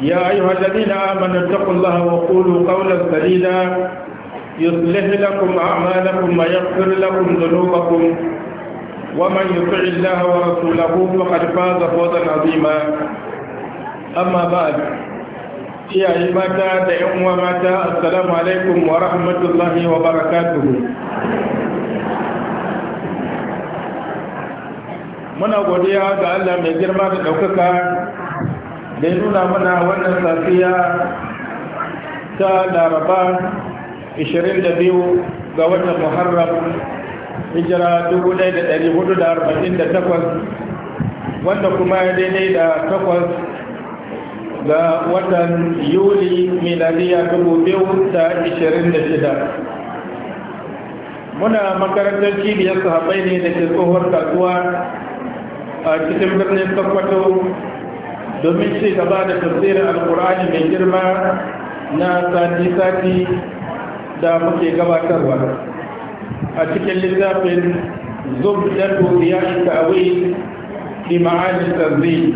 يا أيها الذين آمنوا اتقوا الله وقولوا قولا سديدا يصلح لكم أعمالكم ويغفر لكم ذنوبكم ومن يطع الله ورسوله فقد فاز فوزا عظيما أما بعد يا عبادة دعوة ماتا السلام عليكم ورحمة الله وبركاته muna godiya ga Allah mai girma da ɗaukaka da ya nuna mana wannan safiya ta laraba 22 ga watan muharram hijira 1448 wanda kuma ya daidai da takwas ga watan yuli miladiya 2026 muna makarantar cibiyar sahabai ne da ke tsohon kasuwa a cikin birnin sokoto domin ce gaba da tafsirin alkur'ani mai girma na sati-sati da muke gabatarwa a cikin littafin tuziya ya awi fi ma'ajin tanzil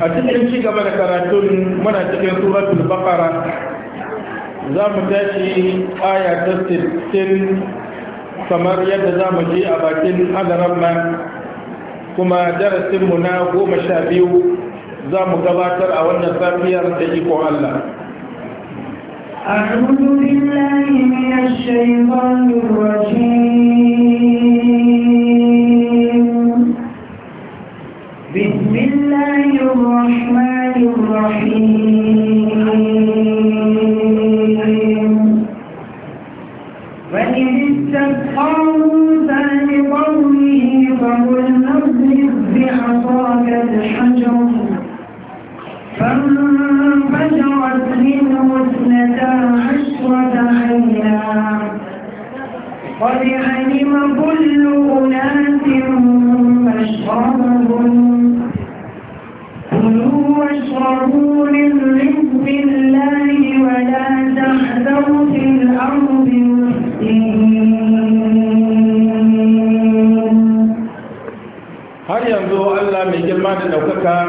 a cikin ci gaba da karatun muna cikin suratul baqara za mu tashi aya ta 60 kamar yadda za mu ji a bakin hadarar kuma darasinmu na goma sha biyu za mu gabatar a wannan safiyar da iko Allah. أعوذ بالله من الشيطان الرجيم بسم الله الرحمن الرحيم girma da daukaka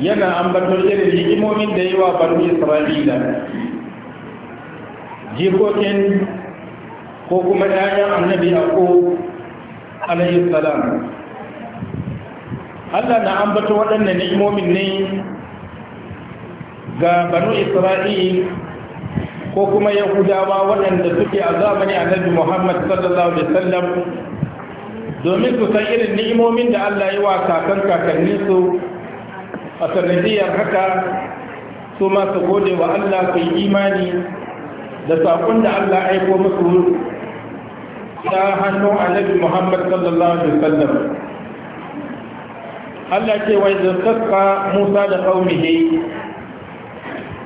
yana ambatar irin hikimomin da yi wa banu isra'ila jikokin ko kuma ɗayan annabi a ko alayhi salam allah na ambata waɗannan imomin ne ga banu isra'il ko kuma yahudawa waɗanda suke a zamani annabi muhammad sallallahu alaihi wasallam domin su san irin ni'imomin da Allah yi wa kakan kakannin su a sanadiyar haka su masu su gode wa Allah su yi imani da saƙon da Allah aiko musu ta hannun annabi Muhammad sallallahu alaihi wasallam Allah ce Wai idan Musa da qaumihi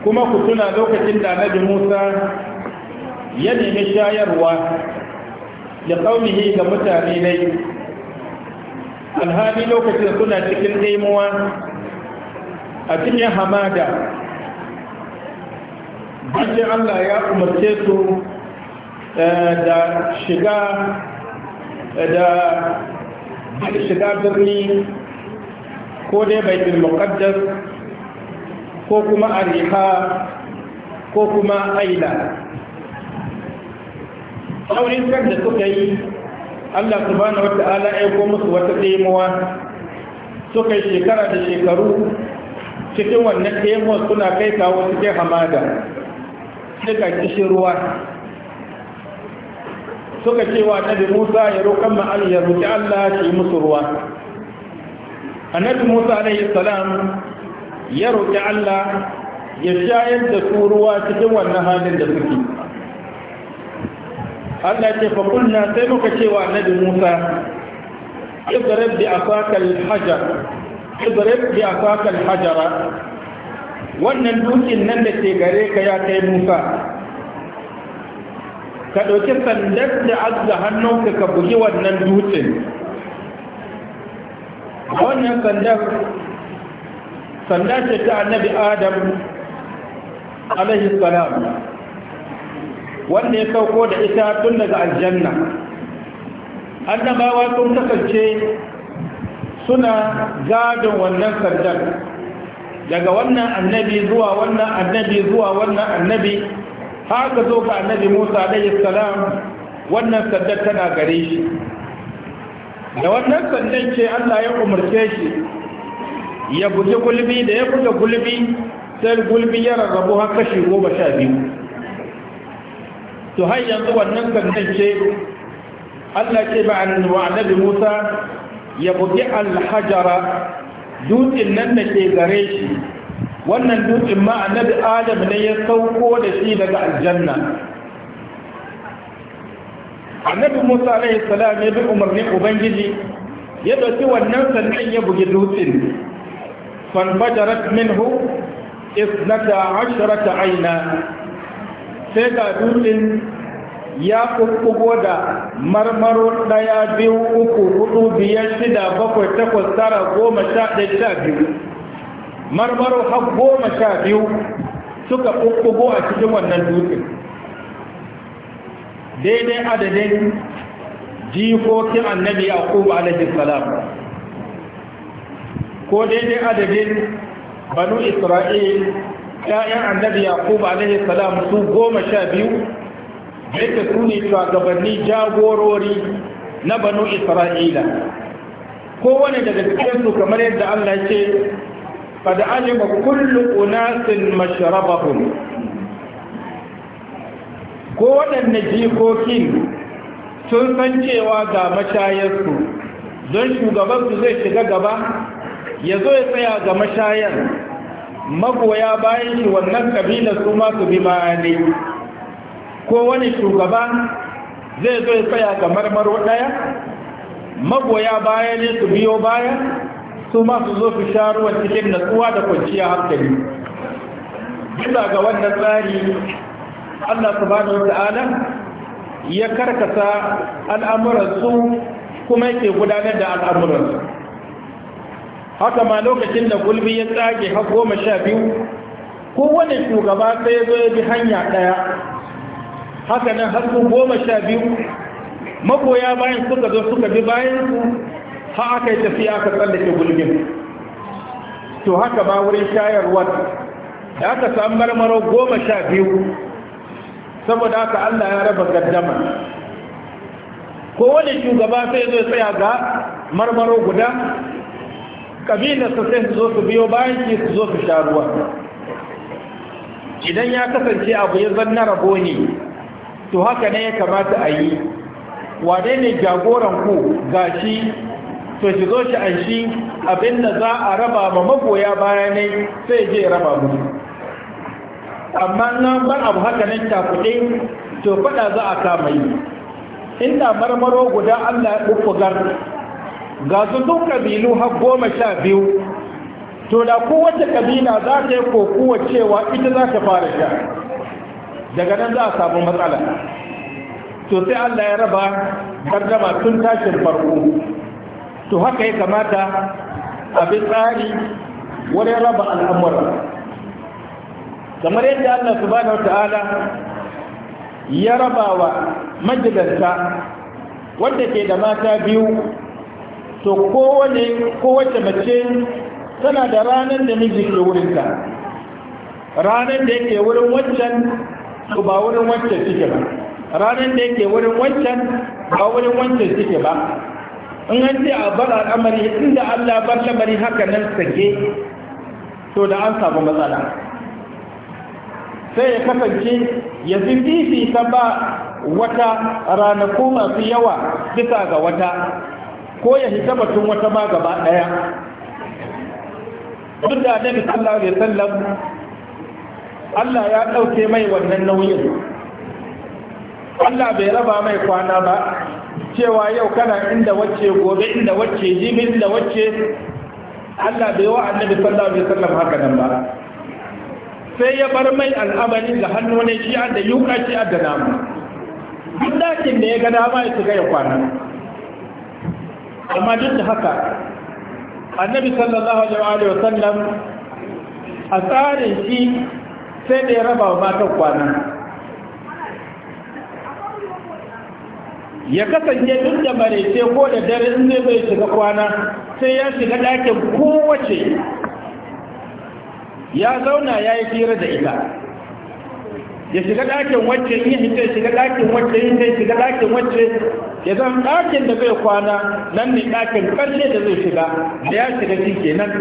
kuma ku tuna lokacin da annabi Musa ya nemi shayarwa da kaunihi ga mutane dai alhali lokacin suna cikin daimuwa a cikin hamada bayan allah ya umarce su eh, da shiga eh, da shiga birni ko dai baitul muqaddas ko kuma ariha ko kuma aila Aure kan da suka yi Allah subhanahu wata'ala ya ko musu wata taimawa suka yi shekara da shekaru cikin wannan taimawar suna kai kawo cikin hamada suka kishi ruwa suka cewa annabi Musa ya roƙon ma'al ya roƙi Allah shi musu ruwa annabi Musa alaihi salam ya roƙi Allah ya shayar da su ruwa cikin wannan halin da suke Allah ya ce fa kunna sai muka cewa annabi Musa ibrab bi asaka al-hajar ibrab bi asaka al-hajara wannan dukin nan da ke gare ka ya kai Musa ka ɗauki sandar da azza hannunka ka bugi wannan dutsen wannan sandar sanda ce ta annabi adam alaihi salam wanda ya sauko da ita tun daga aljanna annabawa sun kasance suna gadon wannan sandar daga wannan annabi zuwa wannan annabi zuwa wannan annabi haka zo ga annabi musa alayhi salam wannan sandar tana gare shi da wannan sandan ce allah ya umarce shi ya buji gulbi da ya buga gulbi sai gulbi ya rarrabu har kashi goma sha biyu to har yanzu wannan gangan ce Allah ce ba wa Musa ya bugi alhajara dutsen nan da ke gare shi wannan dutsen ma nabi Adam ne ya sauko da shi daga aljanna annabi Musa alaihi salam ya bi umarnin ubangiji ya ɗauki wannan sannan ya bugi dutsen fanfajarat minhu isnata ta aina sai ga dutsen ya kukkugo da marmaro ɗaya biyu uku hudu biyar shida bakwai takwas tara goma sha ɗaya sha biyu marmaro har goma sha biyu suka kukkugo a cikin wannan dutsen daidai adadin jikokin annabi yaqubu alaihi salam ko daidai adadin banu isra'il ‘ya'yan annabi Yaqub alaihi salam su goma sha biyu yake su ne shugabanni jagorori na banu isra'ila kowane daga cikinsu kamar yadda allah ce fada alima kullu unasin masharabahum ko waɗanne jikokin sun san cewa ga mashayarsu don shugabansu zai shiga gaba ya zo ya tsaya ga mashayar magoya bayan shi wannan kabila su ma su bi ma'ani ko wani shugaba zai zo ya tsaya ga marmaro ɗaya magoya baya ne su biyo baya su ma su zo fi sharuwar cikin natsuwa da kwanciya hankali bisa ga wannan tsari allah subhanahu ta'ala ya karkasa al'amuransu kuma yake gudanar da al'amuransu haka ma lokacin da gulbi ya tsage har goma sha biyu kowane shugaba sai zo ya bi hanya ɗaya haka nan har su goma sha biyu magoya bayan suka zo suka bi bayan su ha aka yi tafiya aka tsallake gulbin to haka ba wurin shayarwar da aka samu marmaro goma sha biyu saboda haka allah ya raba gaddama wani shugaba sai zo ya tsaya ga marmaro guda kabilar su sai su zo su biyo bayan ki su zo su sha ruwa idan ya kasance abu ya zanna rabo ne to haka ne ya kamata a yi wane ne jagoran ku gashi to shi zo shi an shi abin da za a raba ma magoya ne sai je raba mu amma nan ban abu haka nan takuɗe to faɗa za a kama yi inda marmaro guda allah ya ɓuɓɓugar ga su duk kabilu har goma sha biyu to da kowace kabila za ta yi kokuwa cewa ita za ta fara sha daga nan za a samu matsala to sai Allah ya raba gardama tun tashin farko to haka ya kamata abin tsari wani raba al'amura kamar yadda Allah bada ta'ala ya raba wa majalarta wanda ke da mata biyu to kowane kowace mace tana da ranar da miji ke wurinta ranar da yake wurin wancan to ba wurin wancan suke ba ranar da yake wurin wancan ba wurin wancan suke ba in an ce a bar al'amari inda Allah bar lamari haka nan sake to da an samu matsala sai ya kasance ya fifita ba wata ranaku masu yawa bisa ga wata ko ya hita batun wata ma gaba ɗaya duk da annabi sallallahu alaihi wasallam Allah ya ɗauke mai wannan nauyin Allah bai raba mai kwana ba cewa yau kana inda wacce gobe inda wacce jibi inda wacce Allah bai wa annabi sallallahu alaihi wasallam haka nan ba sai ya bar mai al'amari da hannu ne shi da yuka shi da namu duk dakin da ya ga dama ya shiga ya kwana amma duk da haka annabi sallallahu alaihi wa sallam a tsarin shi sai da ya raba wa matan kwana ya kasance duk da marece ko da dare in zai bai shiga kwana sai ya shiga ɗakin kowace ya zauna ya yi fira da ita ya shiga ɗakin wacce yin hita ya shiga ɗakin wacce in ya shiga ɗakin wacce ya zan ɗakin da zai kwana nan ne ɗakin ƙarshe da zai shiga da ya shiga shi kenan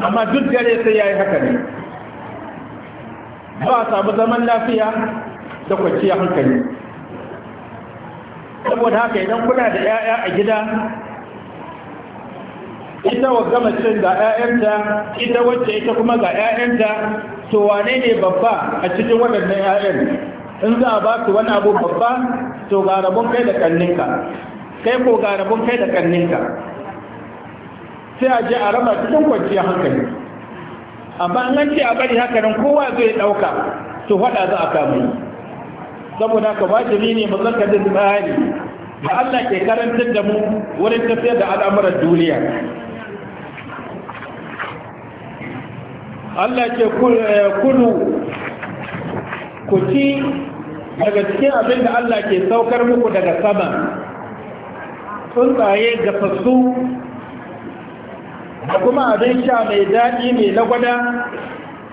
amma duk dare sai ya yi haka ne ba a samu zaman lafiya da kwanciya hankali saboda haka idan kuna da 'ya'ya a gida ita wa gama cin ga 'ya'yanta ita wacce ita kuma ga 'ya'yanta to wane ne babba a cikin waɗannan 'ya'yan in za a ba su wani abu babba to ga rabon kai da kanninka kai ko ga rabon kai da kanninka sai a je a raba cikin kwanciya hankali amma an ce a bari haka nan kowa zai ɗauka to faɗa za a kama yi. saboda ka wajibi ne mu zaka da tsari da Allah ke karantar da mu wurin tafiyar da al'amuran duniya Allah ke kulu eh, ku ci daga cikin abin da Allah ke saukar muku daga sama tsuntsaye fasu da kuma abin sha mai daɗi mai lagwada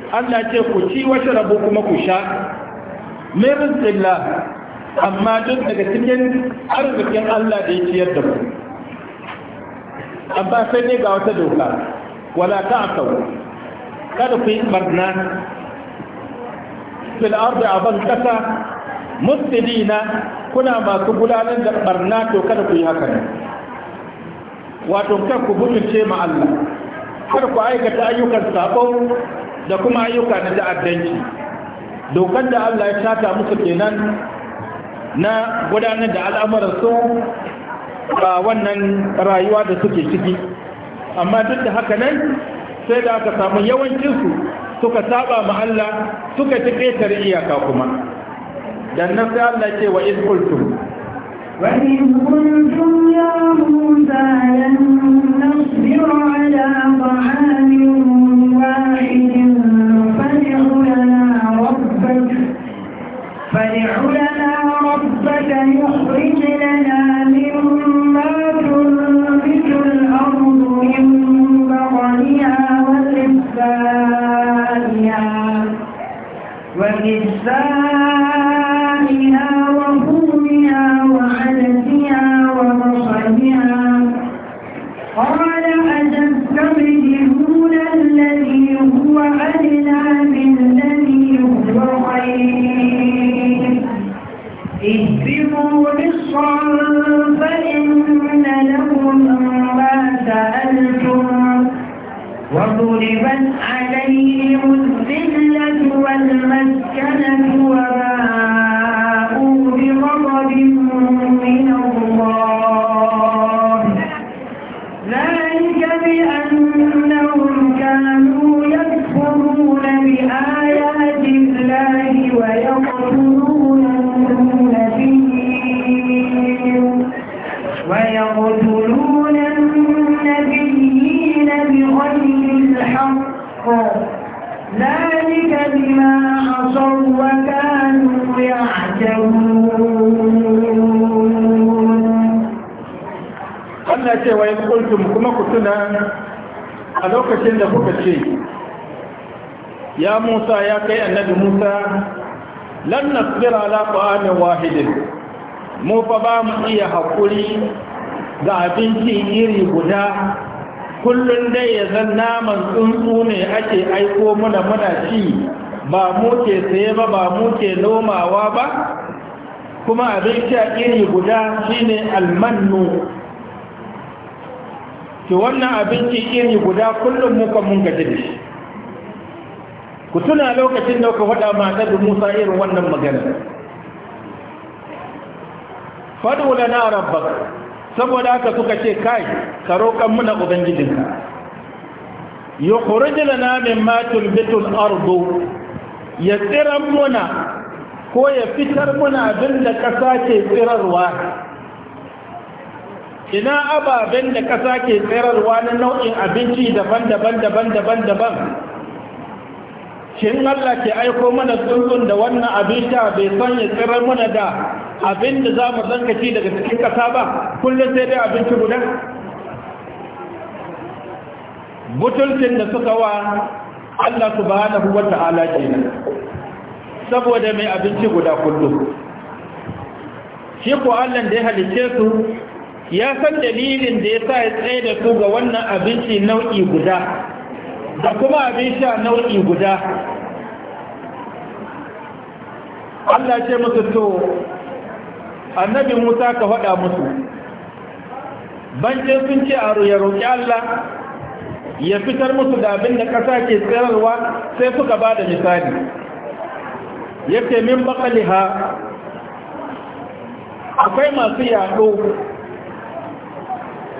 Allah ce ku ci wata rabu kuma ku sha min tsilla amma duk daga cikin arzikin Allah da ya ciyar da ku amma sai ne ga wata doka wala ta'tawu kada ku yi barna fil ardi a ban kasa muslimina kuna masu gudanar da barna to kada ku yi haka ne wato karku ku butulce ma Allah kar ku aikata ayyukan sabo da kuma ayyuka na ta'addanci dokar da Allah ya shata musu kenan na gudanar da al'amuransu a wannan rayuwa da suke ciki amma duk da haka nan sai da aka samu yawancinsu suka saba ma Allah suka ci ƙetare iyaka kuma dan nan sai Allah ce wa izkultu qultum wa iz ضربت عليهم الذلة والمسكنة وباءوا بغضب ce wa kultum kuma ku tuna a lokacin da kuka ce ya Musa ya kai annabi Musa Lannan, tsira ala amin wahidin mu fa ba mu iya hakuri ga abinci iri guda kullum dai ya zan naman tsuntsu ne ake aiko muna muna ci ba mu ke saye ba ba mu ke nomawa ba kuma abinci a iri guda shine almannu to wannan abinci iri guda kullum muka mun gaji da shi ku tuna lokacin da ku faɗa mata da musa irin wannan magana faɗo da na rabbar saboda haka suka ce kai ka roƙan muna ubangijinka ya kurji da namin matul bitul ardo ya tsiran muna ko ya fitar muna abinda da ƙasa ke tsirarwa ina ababen da ƙasa ke tsayarwa na nau'in abinci daban-daban daban-daban daban shin Allah ke aiko mana tsuntsun da wannan abinci bai son ya tsirar mana da abin da za mu ci daga cikin ƙasa ba kullum sai dai abinci guda butulcin da suka wa Allah subhanahu wa ta'ala kenan saboda mai abinci guda kullum shi ko Allah da ya halice su ya san dalilin da ya sa ya tsaye da su ga wannan abinci nau'i guda da kuma abin sha nau'i guda Allah ce musu to annabi Musa ka faɗa musu bancin sun ce a ya roƙi Allah ya fitar musu da abin da ƙasa ke tsirarwa sai suka ba da misali ya min bakaliha akwai masu yaɗo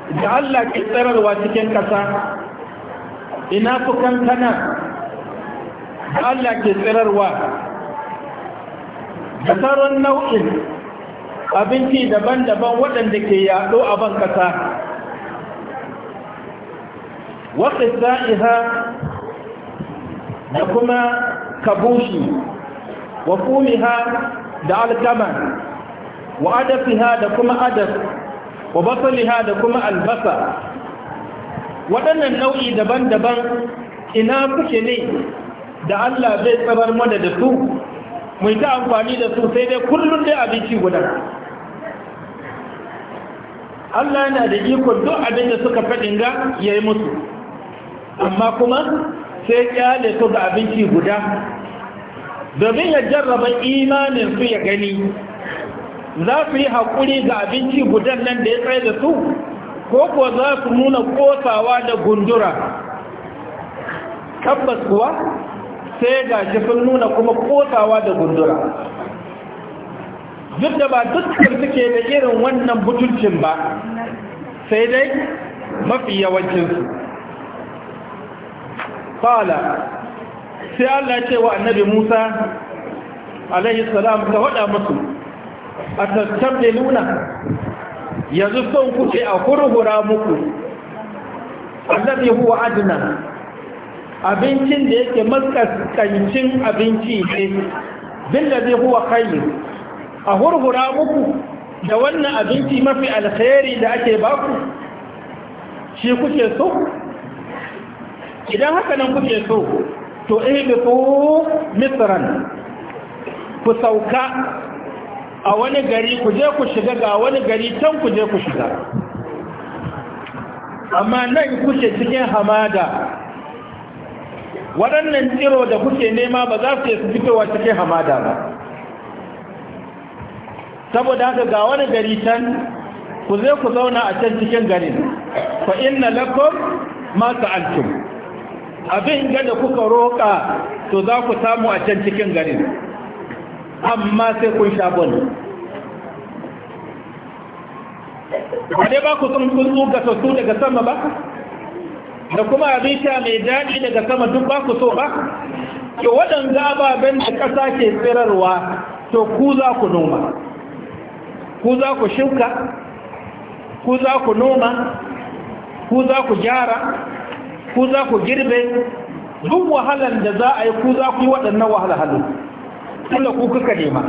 da Allah ke tsararwa cikin ƙasa ina kukan kankana da Allah ke tsararwa da sauran nau'in abinci daban-daban waɗanda ke yaɗo a ban ƙasa wasu sa'iha da kuma kabushi wa kumiha da alkama wa adafiha da kuma adaf wa basaliha da kuma albasa waɗannan nau'i daban-daban ina kuke ne da Allah zai tsabar mana da su mu ta amfani da su sai dai kullum dai abinci guda Allah na da ikon duk abin da suka faɗin ga ya yi musu amma kuma sai kyale su ga abinci guda domin ya jarraba imanin su ya gani za su yi haƙuri ga abinci gudan nan da ya tsaye da su ko kuwa za su nuna ƙosawa da gundura tabbas kuwa sai ga jifin nuna kuma ƙosawa da gundura duk da ba dukkan suke da irin wannan butulcin ba sai dai mafi yawancinsu fala sai Allah ce wa annabi Musa alaihi salam ka waɗa musu a da yanzu son ku a kurhura muku allazi huwa adna abincin da yake makaskancin abinci ne zai huwa khayr a hurhura muku da wannan abinci mafi alkhairi da ake baku shi kuke so idan haka nan kuke so to ihbitu misran ku sauka a wani gari ku je ku shiga ga wani gari can ku je ku shiga amma nan kuke cikin hamada waɗannan tsiro da kuke nema ba za su yi fitowa cikin hamada ba saboda haka ga wani gari can ku zai ku zauna a can cikin garin fa inna lakum masu sa'altum abin gada kuka roƙa to za ku samu a can cikin garin amma sai kun sha bane ba dai ba ku sun kun tsuga sassu daga sama ba da kuma abinci mai daɗi daga sama duk ba ku so ba to waɗanda ababen da ƙasa ke tsirarwa to ku za ku noma ku za ku shuka ku za ku noma ku za ku gyara ku za ku girbe duk wahalar da za a yi ku za ku yi waɗannan wahalhalu kula ku kuka nema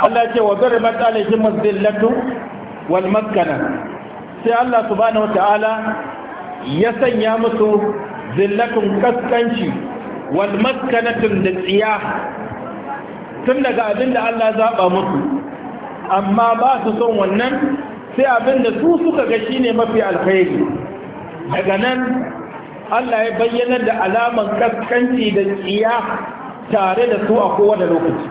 Allah ce wa gari shi mazillatu wal maskana sai Allah subhanahu wata'ala ya sanya musu zillatun kaskanci wal maskanatun da tsiya tun daga abin da Allah zaɓa musu amma ba su son wannan sai abin da su suka ga shine mafi alkhairi daga nan Allah ya bayyana da alaman kaskanci da tsiya tare da su a kowane lokaci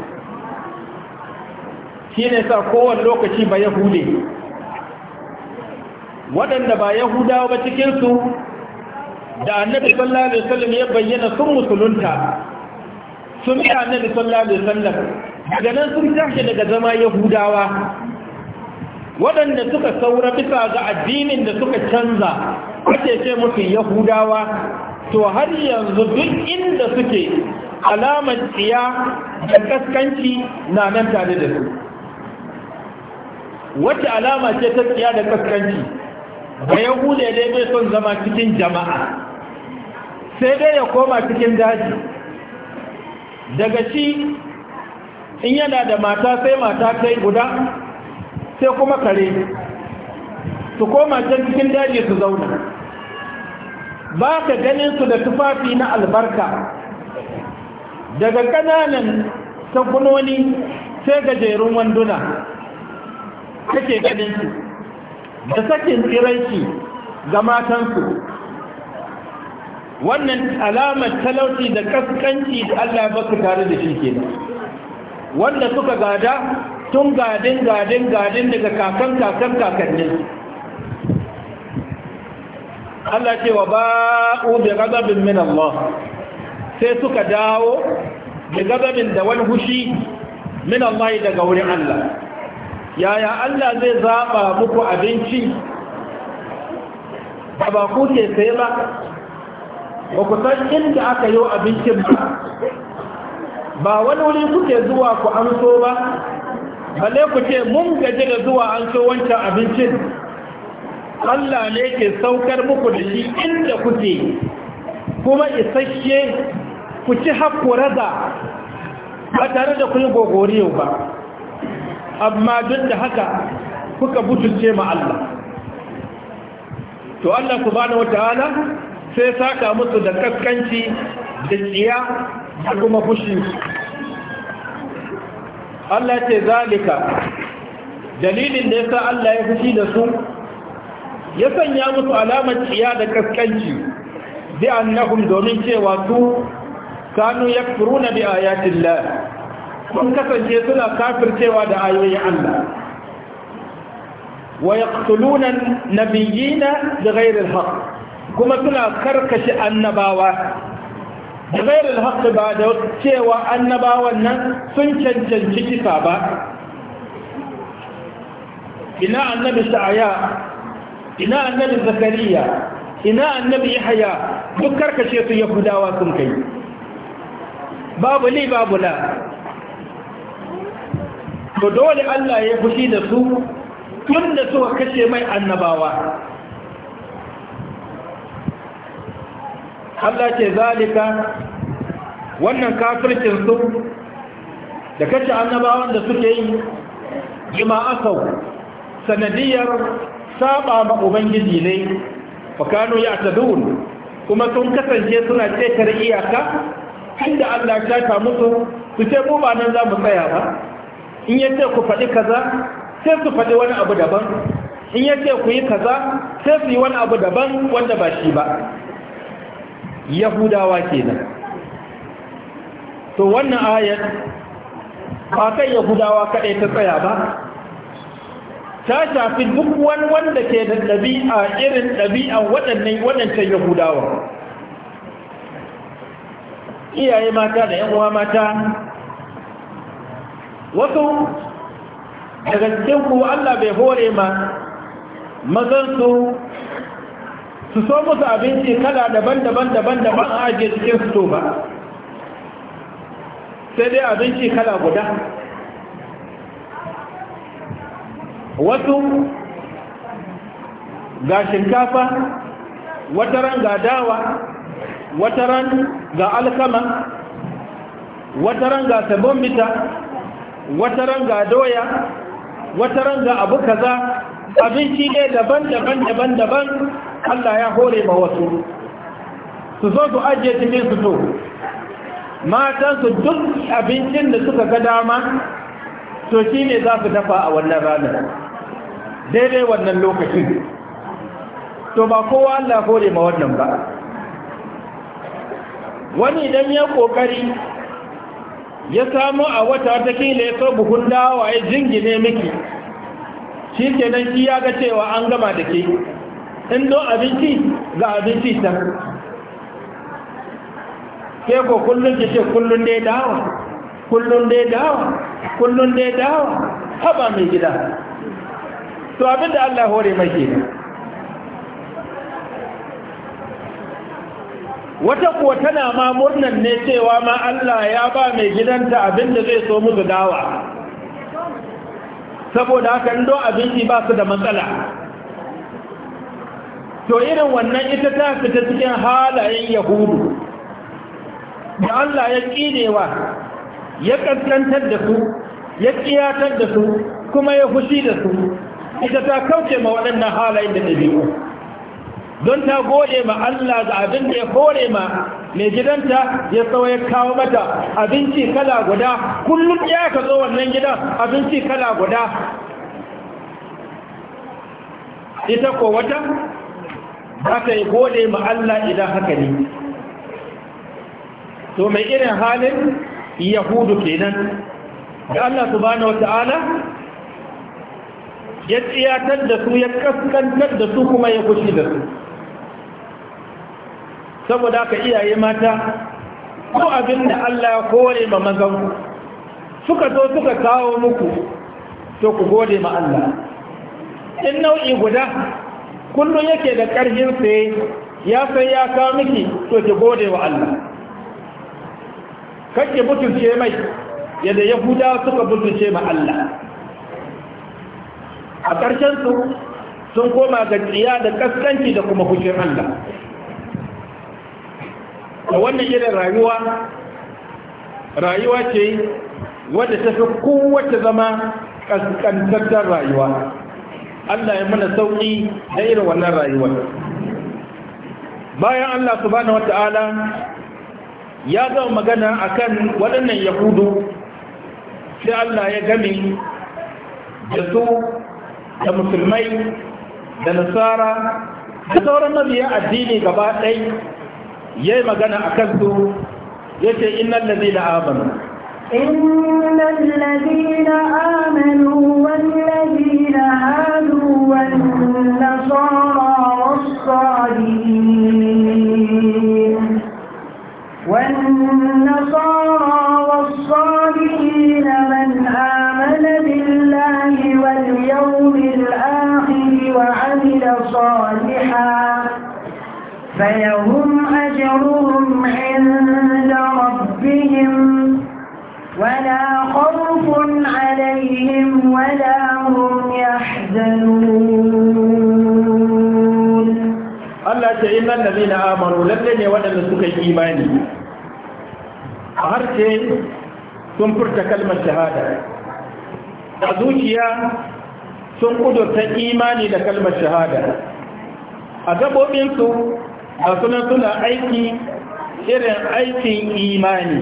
shi ne sa kowane lokaci ba yahude waɗanda ba yahudawa ba cikinsu da annabi sallallahu alaihi wasallam ya bayyana sun musulunta sun yi annabi sallallahu alaihi wasallam daga nan sun tashi daga zama yahudawa waɗanda suka saura bisa ga addinin da suka canza ake ce musu yahudawa to har yanzu duk inda suke alamar tsiya da kaskanci na nan tare da su wacce alama ce ta tsiya da kaskanci ba ya hule da bai son zama cikin jama'a sai dai ya koma cikin daji daga shi in yana da mata sai mata kai guda sai kuma kare su koma can cikin daji su zauna ba ka ganin su da tufafi na albarka daga ƙananan sakunoni sai gajerun wanduna kake ganin su da sakin tsiranci ga matansu wannan alamar talauci da kaskanci da Allah ba su tare da shi kenan wanda suka gada tun gadin gadin gadin daga kakan kakan kakannin Allah ce wa ba ube gazabin min Allah sai suka dawo da gazabin da wani hushi min Allah yi daga wurin Allah yaya Allah zai zaɓa muku abinci ba ku ke sai ba ba ku san inda aka yi abincin ba ba wani wuri kuke zuwa ku an ba balle ku ce mun gaji da zuwa an so wancan abincin Allah ne ke saukar muku da shi inda kuke kuma isasshe ku ci haƙura da ba tare da kun gogoriyo ba amma duk da haka kuka butulce ma Allah to Allah subhanahu wata'ala sai saka musu da kaskanci da tsiya da kuma fushi Allah ce zalika dalilin da yasa Allah ya fushi da su ya sanya musu alamar ciya da kaskanci bi annahum domin cewa su kanu yakfuruna bi ayatillah sun kasance suna kafircewa da ayoyin Allah wa yaqtuluna nabiyina bi ghairi al-haq kuma suna karkashi annabawa bi ghairi haq ba da cewa annabawan nan sun cancanci kisa ba ina annabi sha'aya ina annabi zakariya ina annabi yahya duk karkashe su yahudawa sun kai babu ni, babu la to dole Allah ya fushi da su tun da suka kashe mai annabawa Allah ce zalika wannan kafircin su da kashe annabawan da suke yi jima'asau sanadiyar saba ma ubangiji ne fakano ya tadun kuma sun kasance suna ƙetare iyaka inda Allah ya ta musu su ce mu ba nan za mu tsaya ba in ya ce ku faɗi kaza sai su faɗi wani abu daban in ya ce ku yi kaza sai su yi wani abu daban wanda ba shi ba yahudawa kenan to wannan ayat ba kai yahudawa kaɗai ta tsaya ba ta shafi duk wani wanda ke da ɗabi'a irin ɗabi'a waɗannan waɗancan yahudawa iyaye mata da yan uwa mata wasu daga cikin ku Allah bai hore ma mazan su so musu abinci kala daban-daban daban-daban a ajiye cikin su ba sai dai abinci kala guda wasu ga shinkafa wataran ga dawa wataran ga alkama wataran ga sabon wata wataran ga doya wataran ga abu kaza abinci ne daban-daban daban-daban Allah ya hore ma wasu su zo su ajiye cikin su to matansu duk abincin da suka ga dama to shi ne za su dafa a wannan ranar daidai wannan lokacin to ba kowa Allah kore ma wannan ba wani idan ya kokari ya samu a wata ta kila ya buhun dawa ya jingine miki shi kenan shi ya ga cewa an gama da ke in don abinci ga abinci ta ke ko kullum ki ce kullum dai dawa kullum dai dawa kullum dai dawa haba mai gida to abin da Allah hore mai kenan wata kuwa tana ma murnan ne cewa ma Allah ya ba mai gidanta abin da zai so musu dawa saboda haka ndo abinci ba su da matsala to irin wannan ita ta fita cikin halayen yahudu da Allah ya ƙinewa ya kaskantar da su ya ƙiyatar da su kuma ya fushi da su ita ta kauce ma waɗannan halayen da ɗabi'u don ta gode ma Allah da abin da ya kore ma mai gidanta ya tsawo ya kawo mata abinci kala guda kullum ya ka zo wannan gidan abinci kala guda ita ko wata za ka gode ma Allah idan haka ne to mai irin halin yahudu kenan da Allah subhanahu ta'ala ya tsiyatar da su ya kaskantar da su kuma ya kushi da su saboda ka iyaye mata ko abin da Allah ya kore ma mazan suka zo suka kawo muku to ku gode ma Allah in nau'i guda kullum yake da ƙarfin sai ya sai ya kawo miki to ki gode wa Allah kake mutunce mai yadda yahudawa suka mutunce ma Allah a ƙarshen su sun koma ga tsiya da kaskanci da kuma fushin Allah da wannan irin rayuwa rayuwa ce wadda ta fi kowace zama kaskantattar rayuwa Allah ya mana sauƙi da irin wannan rayuwar bayan Allah subhanahu wata'ala ya zama magana akan waɗannan yahudu sai Allah ya gami da su da musulmai da nasara da sauran mabiya addini gaba ɗai ya yi magana a kansu ya ce innan lalzi da amanu إن الذين آمنوا والذين هادوا والنصارى والصالحين والنصارى واليوم الآخر وعمل صالحا فلهم أجرهم عند ربهم ولا خوف عليهم ولا هم يحزنون الله تعالى الذين آمنوا لن يودن سكي الإيمان harshe تنفرت كلمة شهادة shahada sun kudurta imani da kalmar shahada a gabobinsu a sunan suna aiki irin aikin imani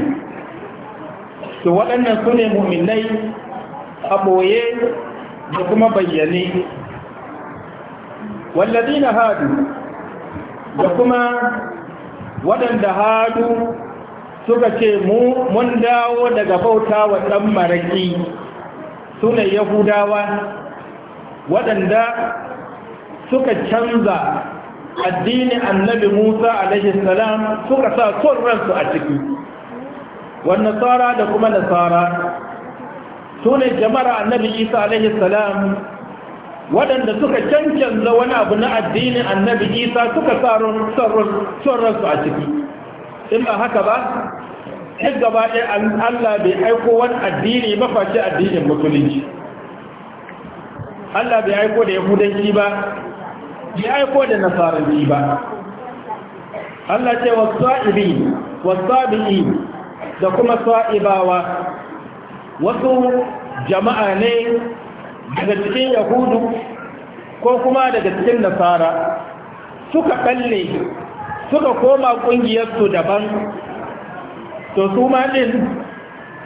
to waɗannan su ne muminai a ɓoye da kuma bayyane wallazi na hadu da kuma waɗanda hadu suka ce mu mun dawo daga bauta wa ɗan maraƙi su ne yahudawa waɗanda suka canza addini annabi musa alaihissalam suka sa son ransu a ciki wannan tsara da kuma nasara su ne jama'ar annabi isa alaihissalam waɗanda suka cancanza wani abu na addinin annabi isa suka sa son ransu a ciki in ba haka ba duk gaba ɗaya allah bai aiko wani addini mafashi addinin musulunci Allah bai aiko da yahudanci ba bai aiko da nasaranci ba Allah ce wa wasabi'i da kuma sa'ibawa wasu jama'a ne daga cikin yahudu ko kuma daga cikin nasara suka kalle suka koma ƙungiyarsu daban to su ma din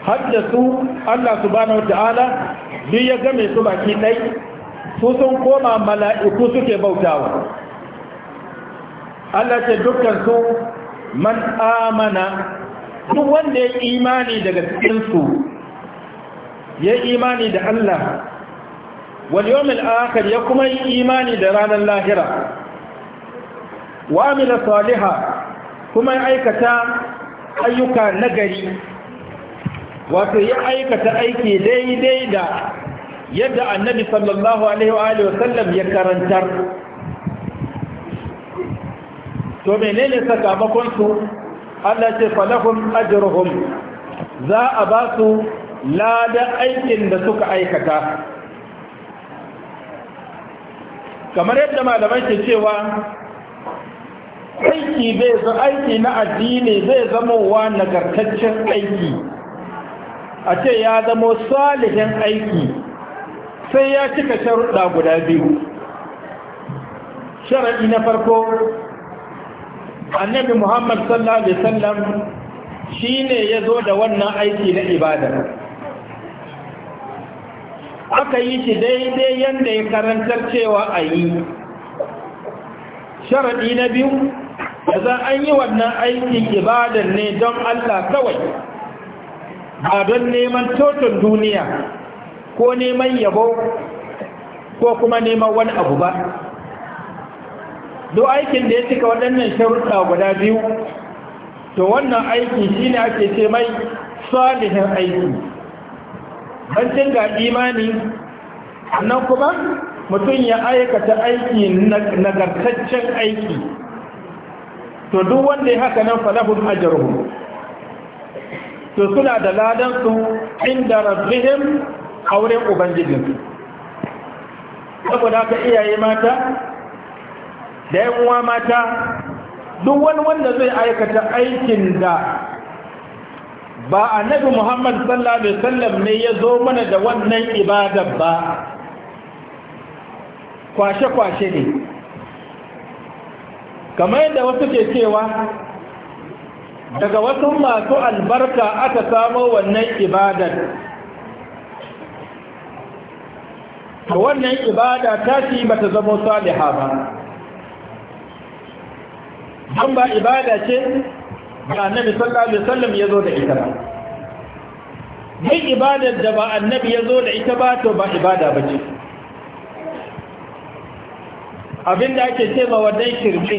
haddasu Allah subhanahu wataala duk ya game su baki ɗai su sun koma mala'iku suke bautawa Allah ce dukkan su man amana duk wanda ya imani daga cikinsu ya imani da Allah waliyomil akar ya kuma yi imani da ranar lahira wa amina saliha kuma ya aikata ayyuka nagari wato ya aikata aiki daidai da yadda annabi sallallahu alaihi wa alihi wasallam ya karantar to menene sakamakon su Allah ce falahum ajruhum za a ba su ladan aikin da suka aikata kamar yadda malamai ke cewa aiki bai zo aiki na addini zai zamowa nagartaccen aiki a ce ya zamo salihin aiki sai ya cika sharuɗa guda biyu sharaɗi na farko annabi muhammad sallallahu alaihi shi ne ya zo da wannan aiki na ibada aka yi shi daidai yadda ya karantar cewa a yi sharaɗi na biyu da za an yi wannan aikin ibadan ne don allah kawai ba don neman totin duniya ko neman yabo ko kuma neman wani abu ba do aikin da ya cika waɗannan sharuɗa guda biyu to wannan aiki shine ake ce mai salihin aiki bancin ga imani nan kuma mutum ya aikata aiki nagartaccen aiki to duk wanda ya haka nan falahun ajarhu to suna da ladansu inda rabbihim auren ubangijinsu saboda haka iyaye mata da yan uwa mata duk wani wanda zai aikata aikin da ba annabi Muhammad sallallahu alaihi wasallam ne ya zo mana da wannan ibada ba kwashe-kwashe ne kamar yadda wasu ke cewa daga wasu masu albarka aka samo wannan ibadar to wannan ibada ta ci ba ta zama saliha ba don ba ibada ce da annabi sallallahu alaihi wasallam ya zo da ita ba duk ibadar da ba annabi ya zo da ita ba to ba ibada ba ce abinda ake ce ma wannan shirme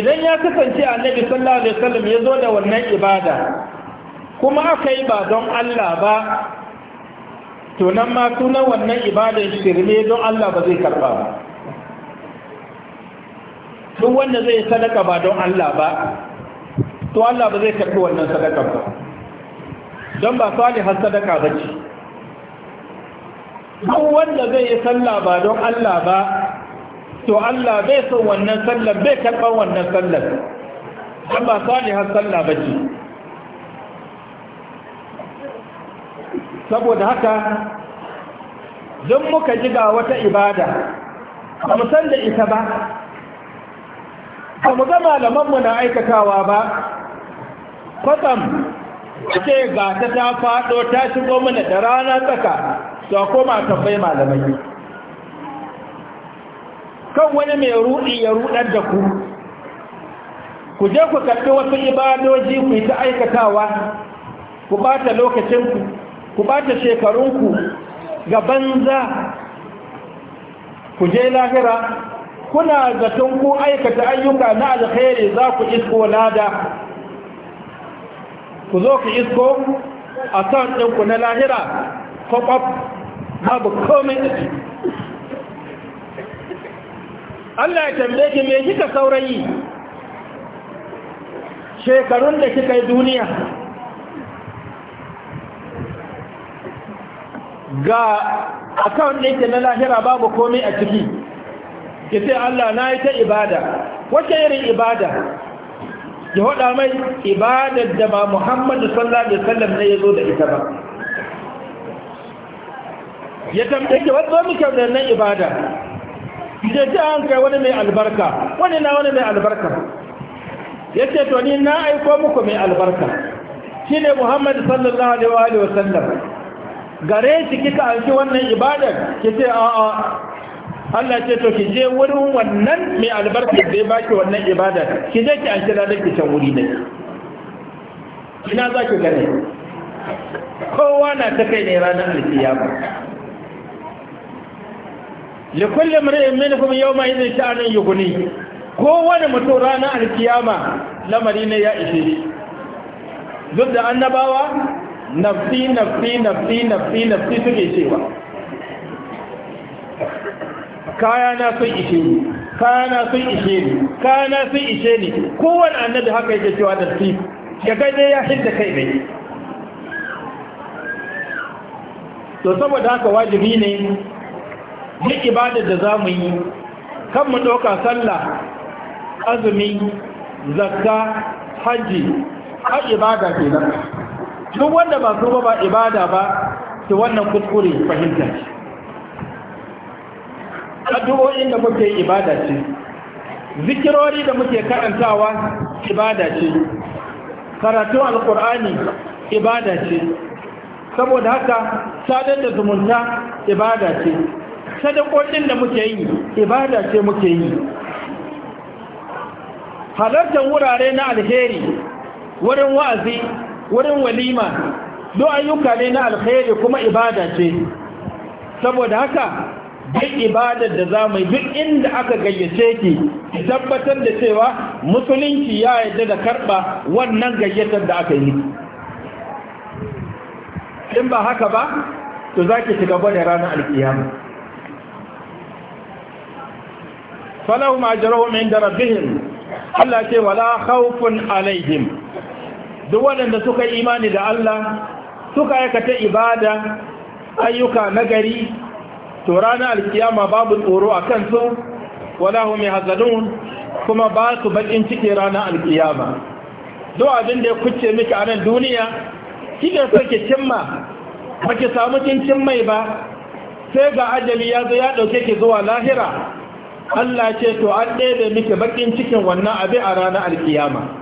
idan ya kasance annabi sallallahu alaihi wasallam ya zo da wannan ibada kuma aka yi ba don Allah ba to nan ma tunan wannan ibadar shirme don Allah ba zai karba ba duk wanda zai sadaka ba don Allah ba to Allah ba zai karbi wannan sadaka ba don ba salihar sadaka ba ce duk wanda zai yi sallah ba don Allah ba to Allah bai son wannan sallar bai karɓar wannan sallar don ba salihar sallah ba ce saboda haka don muka ji ga wata ibada ba mu san da ita ba ba mu ga malamanmu na aikatawa ba kwatsam ce ga ta ta faɗo ta shigo mana da rana tsaka su a koma tambayi malamai kan wani mai ruɗi ya ruɗar da ku ku je ku karɓi wasu ibadoji ku yi ta aikatawa ku ɓata lokacinku ku ɓata shekarunku ga banza ku je lahira kuna zaton ku aikata ayyuka na alkhairi za ku isko lada ku zo ku isko a kan ɗinku na lahira kwakwaf babu komai Allah ya tambaye ki me kika saurayi shekarun da kika yi duniya ga akawun da yake na lahira babu komai a ciki ke sai Allah na yi ta ibada wacce irin ibada ya haɗa mai ibadar da ba Muhammadu sallallahu Alaihi wasallam ne ya zo da ita ba ya tamtake wadda muke da nan ibada ya ji an kai wani mai albarka wani na wani mai albarka ya ce to ni na aiko muku mai albarka shine Muhammadu sallallahu Alaihi wasallam gare shi kika aiki wannan ibadar ki ce a'a Allah ce to ki je wurin wannan mai albarka da ya baki wannan ibadar ki je ki aiki da ki can wuri ne ina za ki gane kowa na ta kai ne ranar alkiyama kulli mar'in minkum yawma idhin sha'anun yughni kowane mutum ranar alkiyama lamari ne ya ishe duk da annabawa nafi nafi nafi nafi nafi suke cewa kayana sun ishe ni kayana sun ishe ni kayana sun ishe ni kowane annabi haka yake cewa su ya dai ya hidda kai mai to saboda haka wajibi ne duk ibadar da za mu yi kan mu ɗauka sallah azumi zakka hajji har ibada ke nan duk wanda ba so ba ibada ba to wannan kuskure fahimta ce addu'o'in da muke ibada ce zikirori da muke karantawa ibada ce karatun alkur'ani ibada ce saboda haka sadar da zumunta ibada ce sadakokin da muke yi ibada ce muke yi halartar wurare na alheri wurin wa'azi wurin walima do ayyuka ne na alkhairi kuma ibada ce saboda haka duk ibadar da za mu yi duk inda aka gayyace ki ki tabbatar da cewa musulunci ya yarda da karba wannan gayyatar da aka yi in ba haka ba to zaki ki shiga bane ranar alkiyama falahu ma jarahum inda rabbihim Allah ce wala khawfun alaihim duk waɗanda suka yi imani da Allah suka aikata ibada ayyuka nagari to ranar alkiyama babu tsoro a kansu wala hum yahzanun kuma ba su bakin ciki ranar alkiyama duk abin da ya kuce miki a nan duniya kike so ki cimma ba ki samu kin cimmai ba sai ga ajali ya zo ya dauke ki zuwa lahira Allah ce to an ɗebe miki bakin cikin wannan abin a ranar alkiyama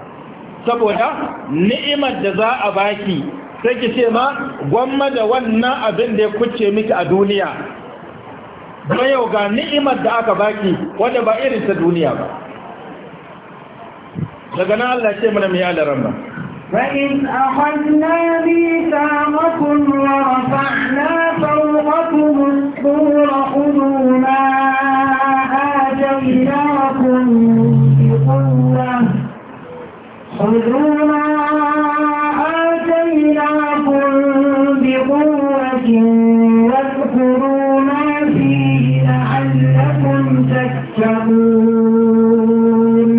saboda ni'imar da za a baki sai ki ce ma gwamma da wannan abin da ya kuce miki a duniya don yau ga ni'imar da aka baki wanda ba irin ta duniya ba daga nan Allah ce mana miya da ba فإن أخذنا ميثاقكم ورفعنا فوقكم الطور خذوا ما آتيناكم بقوة خذوا ما آتيناكم بقوة واذكروا ما فيه لعلكم تتقون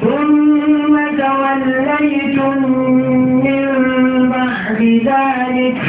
ثم توليتم من بعد ذلك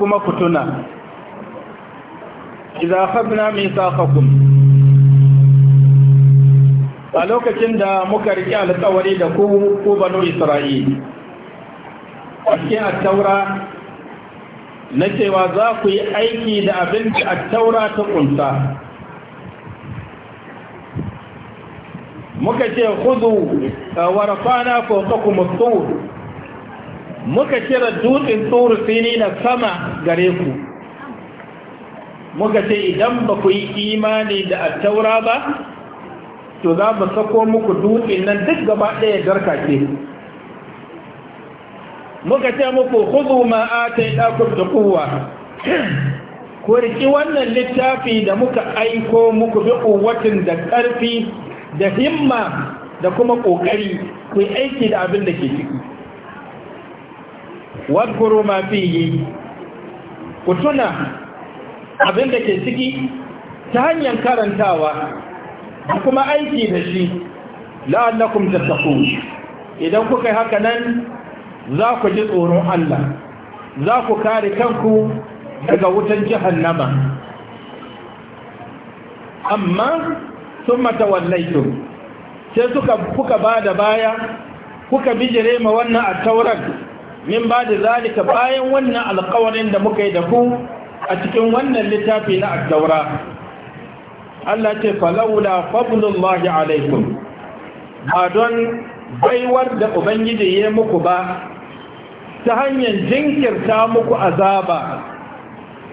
kuma ku tuna idza khadna mithaqakum a lokacin da muka riƙe alƙawari da ku ku banu isra'ili a cikin attaura na cewa za ku yi aiki da abin da attaura ta ƙunsa. muka ce hudu uh, warfana fawqakum kuma tur muka cire dutsen tsoro sini na sama gare ku muka ce idan ba ku yi imani da attaura ba to za mu sako muku dutsen nan duk gaba ɗaya garka ke muka ce muku hudu ma'ata ya ɗakun da kowa ku riki wannan littafi da muka aiko muku bi ƙuwatin da ƙarfi da himma da kuma ƙoƙari ku aiki da abin da ke ciki kuro ma yi. ku tuna abin da ke ciki ta hanyar karantawa da kuma aiki da shi la'allakum tattaqun idan kuka yi haka nan za ku ji tsoron Allah za ku kare kanku daga wutan jahannama amma sun matawallaitu sai suka kuka ba da baya kuka bijire ma wannan a taurar min ba da zalika bayan wannan alkawarin da muka yi da ku a cikin wannan littafi na addaura Allah ce falaula fadlullahi alaikum ba don baiwar da ubangiji ya muku ba ta hanyar jinkirta muku azaba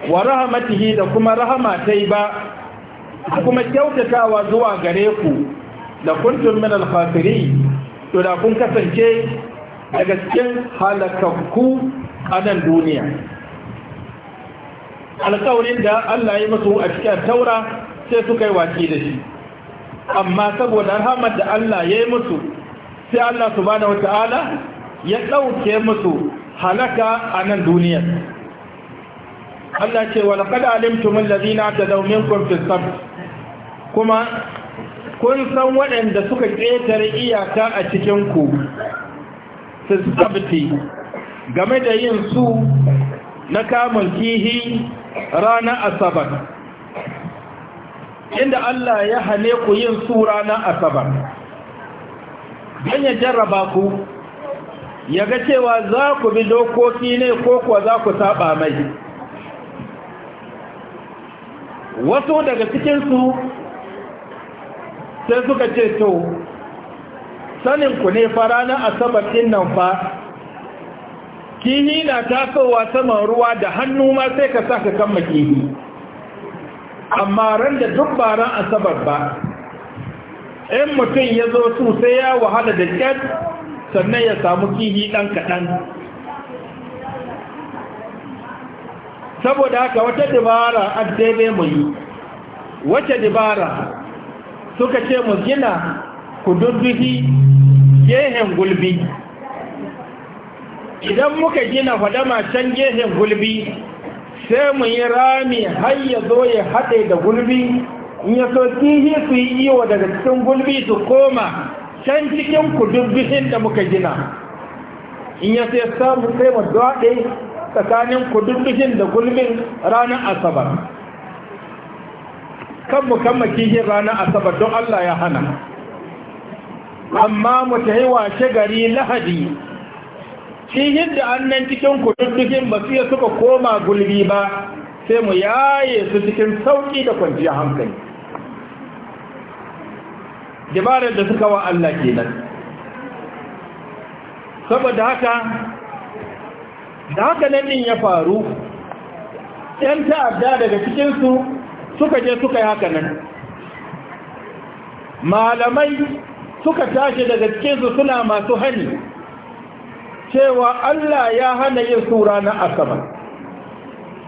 wa rahamatihi da kuma rahama tai ba kuma kyautatawa zuwa gare ku da kuntum min al to da kun kasance daga cikin halakakku a nan duniya alkawarin da Allah ya musu a cikin taura sai suka yi waki da shi amma saboda rahamar da Allah ya yi musu sai Allah subhanahu wata'ala ya ɗauke musu halaka a nan duniya. Allah ce wa laqad alimtum alladhina tadaw minkum fi kuma kun san waɗanda suka ƙetare iyaka a cikin ku sabti game da yin su na kamun kihi rana asabar inda Allah ya hane ku yin su rana asabar don ya jarraba ku ya ga cewa za ku bi dokoki ne ko kuwa za ku saba mai wasu daga cikinsu sai suka ce to sanin ku ne fa ranar asabar din nan fa kihi na tasowa saman ruwa da hannu ma sai ka sa ka kama kihi amma ran da duk asabar ba in mutum ya zo su sai ya wahala da ƙyar sannan ya samu kihi ɗan kaɗan saboda haka wata dubara addebe mu yi wata dubara suka ce mu gina Kududduhi gehen gulbi idan muka gina fadama can gehen gulbi sai mu yi rami har ya zo ya haɗe da gulbi in ya so tihi su yi iyo daga cikin gulbi su koma can cikin kududduhin da muka gina in ya sai samu sai mu zaɗe tsakanin kududduhin da gulbin ranar asabar kan mu kama kihin ranar asabar don Allah ya hana amma mu ta yi washe gari lahadi shi yadda annan cikin kududdukin ba su suka koma gulbi ba sai mu yaye su cikin sauƙi da kwanciyar hankali dabarar da suka wa Allah kenan saboda haka da haka nan ya faru ‘yan ta'adda daga cikinsu suka je suka yi haka nan malamai suka tashi daga cikinsu suna masu hani cewa Allah ya hana yin sura na asabar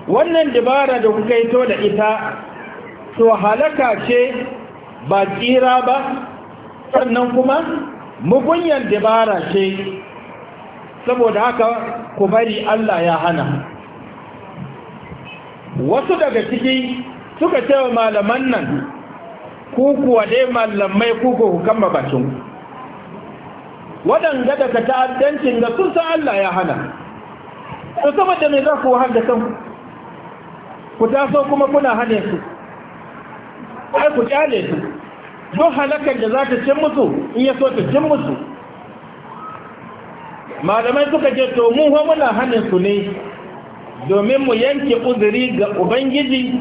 wannan dabara da kuka yi to da ita to halaka ce ba tsira ba sannan kuma mugunyar dabara ce saboda haka ku bari Allah ya hana wasu daga ciki suka cewa malaman nan ku kuwa dai malamai ku ku kama bakin waɗanda daga ta'addancin da sun san Allah ya hana to saboda me za ku har da kanku ku taso kuma kuna hane su ai ku kyale su don halakar da za ta cin musu in ya so ta cin musu malamai suka ce to mun ho muna hannun su ne domin mu yanke uzuri ga ubangiji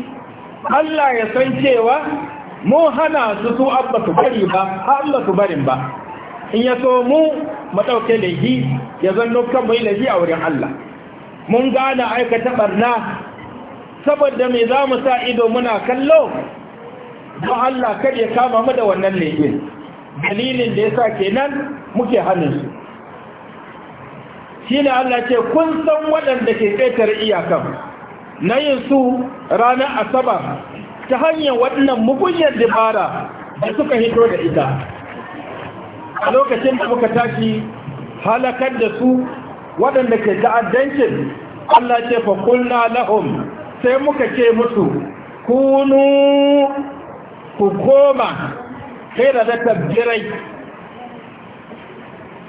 Allah ya san cewa mu hana su su abba su bari ba ha Allah su barin ba in ya so mu mu da laifi ya zanno kan mai laji a wurin Allah mun gane aikata barna saboda me za mu sa ido muna kallo Ba Allah kar ya kama mu da wannan laifin dalilin da yasa kenan muke hannun su shine Allah ce kun san waɗanda ke ƙetare iyakan na yin su ranar asabar ta hanyar waɗannan mugunyar dabara da suka hito da ita a lokacin da muka tashi halakar da su waɗanda ke ta'addancin Allah ce fa kulna lahum sai muka ce musu kunu ku koma sai da tabbirai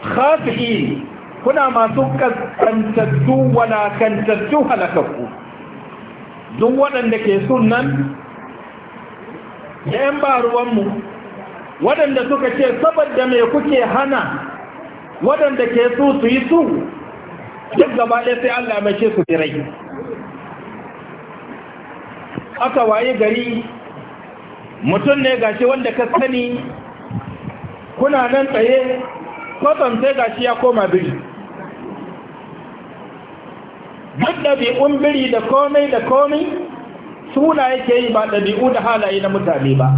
khafi kuna masu wala kantattu halakakku duk waɗanda ke nan. da 'yan ba ruwanmu waɗanda suka ce saboda mai kuke hana waɗanda ke su su yi su duk gaba ɗaya sai Allah mai ce su firai aka waye gari mutum ne gashi wanda ka sani kuna nan tsaye kwatsam sai gashi ya koma biri duk ɗabi'un biri da komai da komai suna yake yi ba ɗabi'u da halaye na mutane ba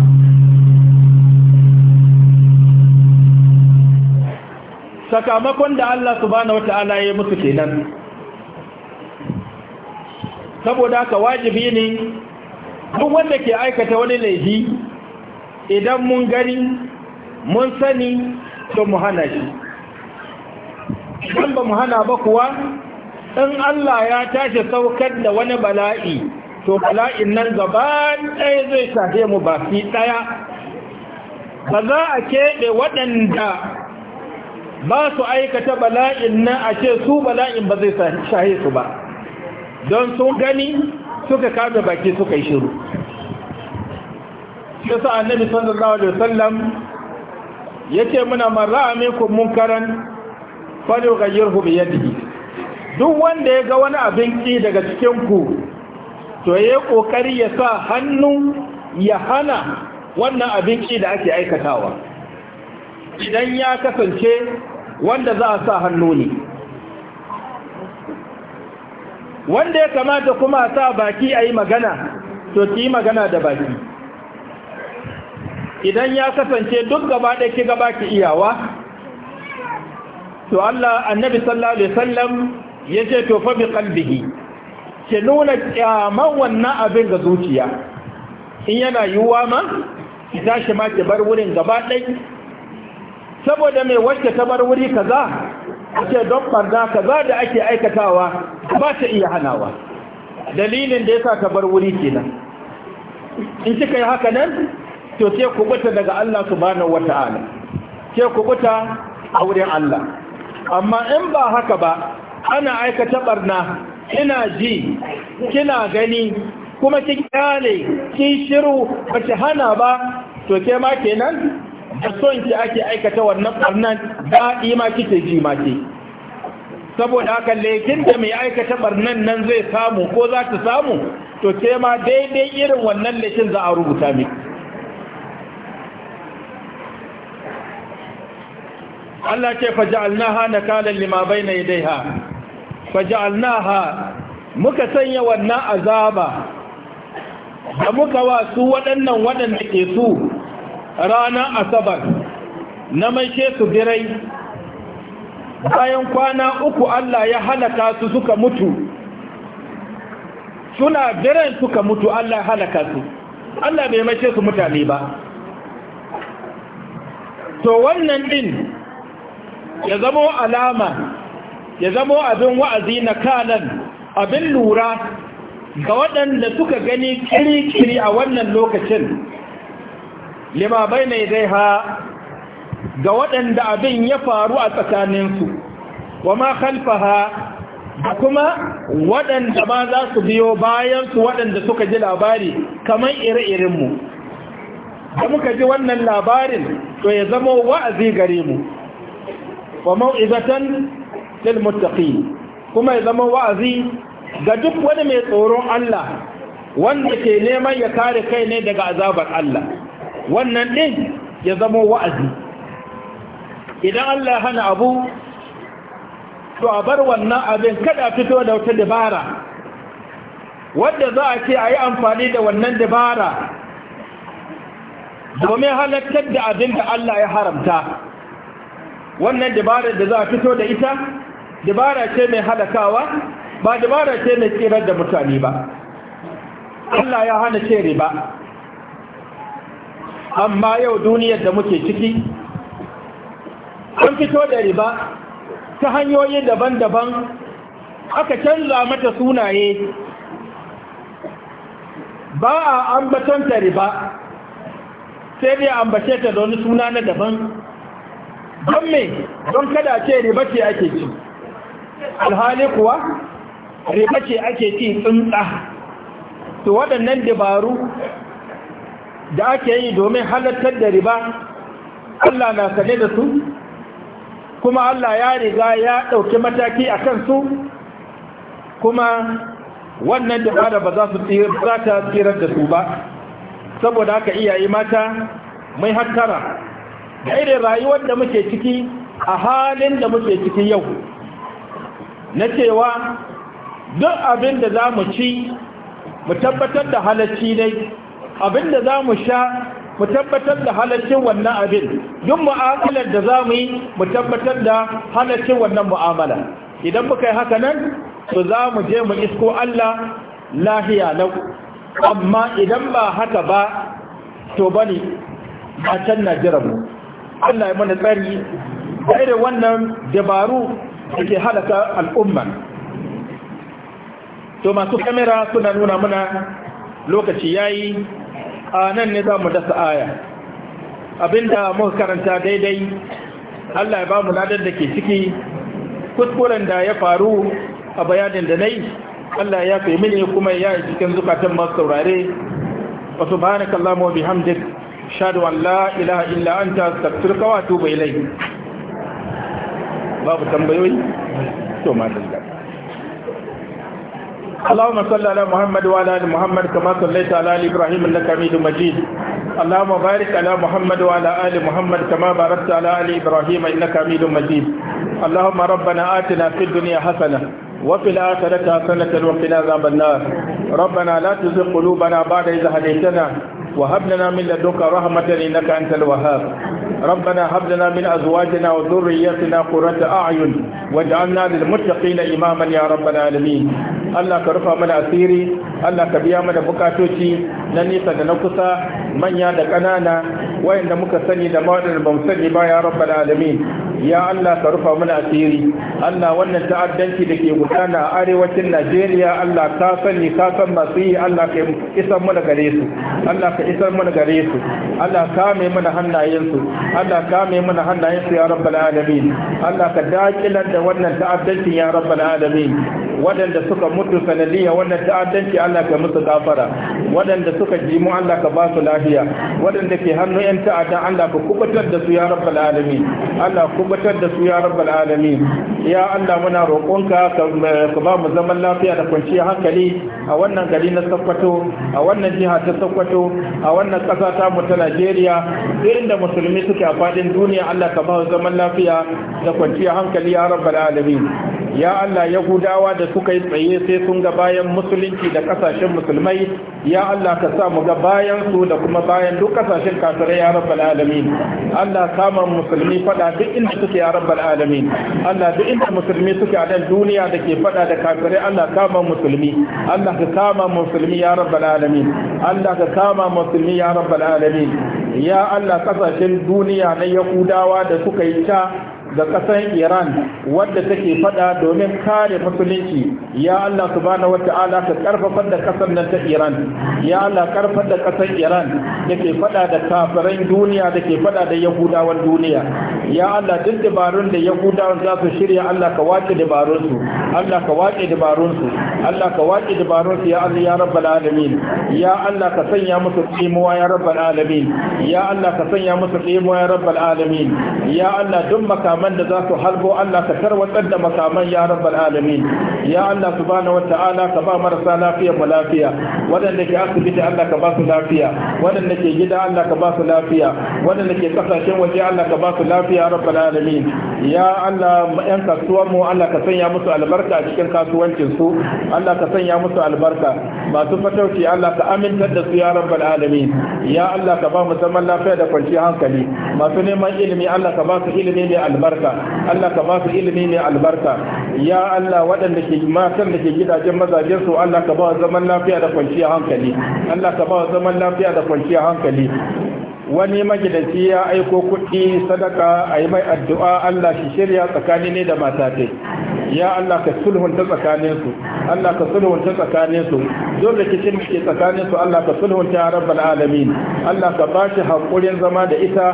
sakamakon da Allah subhanahu wata'ala ya musu kenan saboda haka wajibi ne duk wanda ke aikata wani laifi idan mun gani mun sani to mu hana shi ba mu hana ba kuwa in Allah ya tashi saukar da wani bala'i to bala'in nan gaba ɗaya zai shafe mu ba fi ɗaya ba za a keɓe waɗanda ba su aikata bala'in nan a ce su bala'in ba zai shahe su ba don sun gani suka kame baki suka yi shiru shi sa annabi sallallahu alaihi wasallam yace muna marra minkum munkaran falyughayyirhu bi duk wanda ya ga wani abinci daga cikinku. to ya kokari ya sa hannu ya hana wannan abinci da ake aikatawa idan ya kasance wanda za a sa hannu ne wanda ya kamata kuma sa baki a yi magana to ki magana da baki idan ya kasance duk gaba ɗaya ki gaba ki iyawa to Allah annabi sallallahu alaihi wasallam yace to fa bi qalbihi ke nuna kyaman wannan abin ga zuciya in yana yiwuwa ma ki tashi ma ki bar wurin gaba ɗai saboda mai wacce ta bar wuri kaza ake don barna kaza da ake aikatawa ba ta iya hanawa dalilin da ya sa ta bar wuri kenan in kika yi haka nan to sai ku kubuta daga Allah subhanahu wata'ala sai ku kubuta a wurin Allah amma in ba haka ba ana aikata barna kina ji kina gani kuma kin kyale kin shiru bace hana ba to ke ma kenan da son ki ake aikata wannan barnan daɗi ma kike ji ma ke saboda haka lekin da mai aikata barnan nan zai samu ko za ta samu to ke ma daidai irin wannan lekin za a rubuta mi Allah ce faja'alnaha nakalan lima bayna yadayha faja'alnaha muka sanya wannan azaba da muka wa su waɗannan waɗanda ke su ranar asabar na maishe su birai bayan kwana uku Allah ya halaka su suka mutu suna birai suka mutu Allah ya halaka su Allah bai maishe su mutane ba to wannan din ya zama alama ya zamo abin wa'azi na kanan abin lura ga waɗanda suka gani kiri-kiri a wannan lokacin lima bai na zai ha ga waɗanda abin ya faru a tsakaninsu wa ma ha da kuma waɗanda ma za su biyo bayansu waɗanda suka ji labari kamar iri irinmu da muka ji wannan labarin to ya zama wa'azi gare mu wa mau'izatan lil muttaqin kuma ya zama wa'azi ga duk wani mai tsoron Allah wanda ke neman ya kare kai ne daga azabar Allah wannan din ya zama wa'azi idan Allah hana abu to a bar wannan abin kada fito da wata dabara wadda ce a yi amfani da wannan dabara domin halattar da abin da Allah ya haramta wannan dabarar da za a fito da ita dabara ce mai halakawa ba dabara ce mai tsirar da mutane ba Allah ya hana ce riba amma yau duniyar da muke ciki an fito da riba ta hanyoyi daban-daban aka canza mata sunaye ba a ta riba sai dai ambace ta da wani suna na daban don me don kada ce riba ce ake ci alhali kuwa riba ce ake ci tsuntsa to waɗannan dabaru da ake yi domin halattar da riba Allah na sane da su kuma Allah ya riga ya ɗauki mataki a kansu kuma wannan dabara ba za su tsirar da su ba saboda haka iyaye mata mai hattara da irin rayuwar da muke ciki a halin da muke ciki yau na cewa duk abin da za mu ci mu tabbatar da halacci ne abin da za mu sha mu tabbatar da halaccin wannan abin duk mu'amalar da za mu yi mu tabbatar da halaccin wannan mu'amala idan muka yi haka nan to za mu je mu isko Allah lahiya lau amma idan ba haka ba to bane a can na jira mu Allah ya mana tsari da irin wannan dabaru da ke halaka al'umma to masu kamera suna nuna mana lokaci yayi a nan ne za mu dasa aya abinda muka karanta daidai Allah ya ba mu ladar da ke ciki kuskuren da ya faru a bayanin da nai Allah ya fi mini kuma ya yi cikin zukatan masu saurare wa subhanakallahumma wa bihamdik shadu an la ilaha illa anta astaghfiruka wa atubu ilayk babu tambayoyi to ma dalla اللهم صل على محمد وعلى ال محمد كما صليت على ال ابراهيم انك حميد مجيد اللهم بارك على محمد وعلى ال محمد كما باركت على ال ابراهيم انك حميد مجيد اللهم ربنا اتنا في الدنيا حسنه وفي الآخرة حسنة وقنا عذاب النار ربنا لا تزغ قلوبنا بعد إذ هديتنا وهب لنا من لدنك رحمة إنك أنت الوهاب ربنا هب لنا من أزواجنا وذريتنا قرة أعين واجعلنا للمتقين إماما يا رب العالمين Allah ka rufa mana asiri Allah ka biya mana bukatoci na nisa da na kusa manya da ƙanana wayanda muka sani da mawadar ban sani ba ya rabbal alamin ya Allah ka rufa mana asiri Allah wannan ta'addanci da ke gudana a arewacin Najeriya Allah ka sani ka san masu yi Allah ka isar mana gare su Allah ka isar mana gare su Allah ka mai mana hannayen su Allah ka mai mana hannayen su ya rabbal alamin Allah ka dakilar da wannan ta'addanci ya rabbal alamin waɗanda suka mutu sanadiyya wannan ta'addanci Allah ka musu gafara waɗanda suka jimu Allah ka ba su lafiya lafiya waɗanda ke hannun 'yan ta'adda Allah ka kubatar da su ya rabbal alamin Allah kubatar da su ya rabbal ya Allah muna roƙonka ka ba mu zaman lafiya da kwanciyar hankali a wannan gari na Sokoto a wannan jiha ta Sokoto a wannan ƙasa ta mu ta Najeriya inda musulmi suke a faɗin duniya Allah ka ba mu zaman lafiya da kwanciyar hankali ya rabbal alamin ya Allah yahudawa da suka yi tsaye sai sun ga bayan musulunci da kasashen musulmai ya Allah ka sa mu ga bayan su da kuma bayan duk kasashen kafirai ya rabbal alamin Allah kama musulmi fada duk inda suke ya rabbal alamin Allah duk inda musulmi suke a nan duniya da ke fada da kafirai Allah kama musulmi Allah ka kama musulmi ya rabbal alamin Allah ka kama musulmi ya rabbal alamin ya Allah kasashen duniya na yahudawa da suka yi ta ga ƙasar Iran wadda take fada domin kare musulunci ya Allah subhanahu wata'ala ka karfafa da ƙasar nan ta Iran ya Allah karfafa da ƙasar Iran dake fada da kafiran duniya da ke fada da Yahudawan duniya ya Allah duk dabarun da Yahudawan za su shirya Allah ka wace dabarun su Allah ka wace dabarun su Allah ka wace dabarun su ya Allah ya rabbal alamin ya Allah ka sanya musu tsimuwa ya rabbal alamin ya Allah ka sanya musu tsimuwa ya rabbal alamin ya Allah duk makamai. makaman da za su halbo Allah ka tarwatsar da makaman ya rabbal alamin ya Allah subhanahu wata'ala ka ba marasa lafiya mu lafiya waɗanda ke asibiti Allah ka ba su lafiya waɗanda ke gida Allah ka ba su lafiya waɗanda ke kasashen waje Allah ka ba su lafiya rabbal alamin ya Allah yan kasuwar mu Allah ka sanya musu albarka a cikin kasuwancin su Allah ka sanya musu albarka masu fatauci Allah ka amintar da su ya rabbal alamin ya Allah ka ba mu zaman lafiya da kwanciyar hankali masu neman ilimi Allah ka ba su ilimi mai albarka Allah ka ba su ilimi mai albarka ya Allah waɗanda ke matan da ke gidajen mazajen su Allah ka ba zaman lafiya da kwanciyar hankali Allah ka ba zaman lafiya da kwanciyar hankali wani magidanci ya aiko kuɗi sadaka a yi mai addu'a Allah shi shirya tsakani ne da mata ya Allah ka sulhunta tsakanin su Allah ka sulhunta tsakanin su duk rikicin da ke tsakanin su Allah ka sulhunta ya rabbal alamin Allah ka ba shi hankulin zama da ita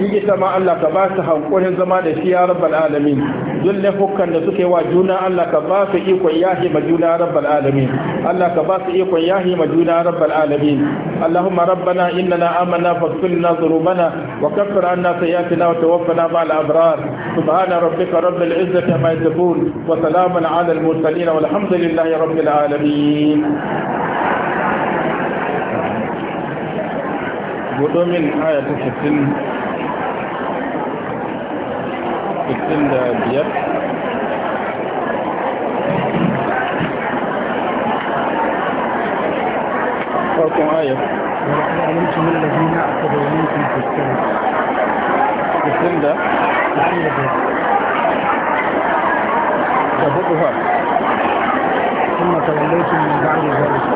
shi ita ma Allah ka ba shi hankulin zama da shi ya rabbal alamin duk laifukan da suke wa juna Allah ka ba su ikon yahi ma juna rabbal alamin Allah ka ba su ikon yahi ma juna rabbal alamin اللهم ربنا إننا آمنا فاغفر لنا ذنوبنا وكفر عنا سيئاتنا وتوفنا مع الأبرار سبحان ربك رب العزة ما يصفون وسلاما على المرسلين والحمد لله رب العالمين آية gudomin aya ta 65 farkon ayar ده da hudu har kuma tallace mai gane zai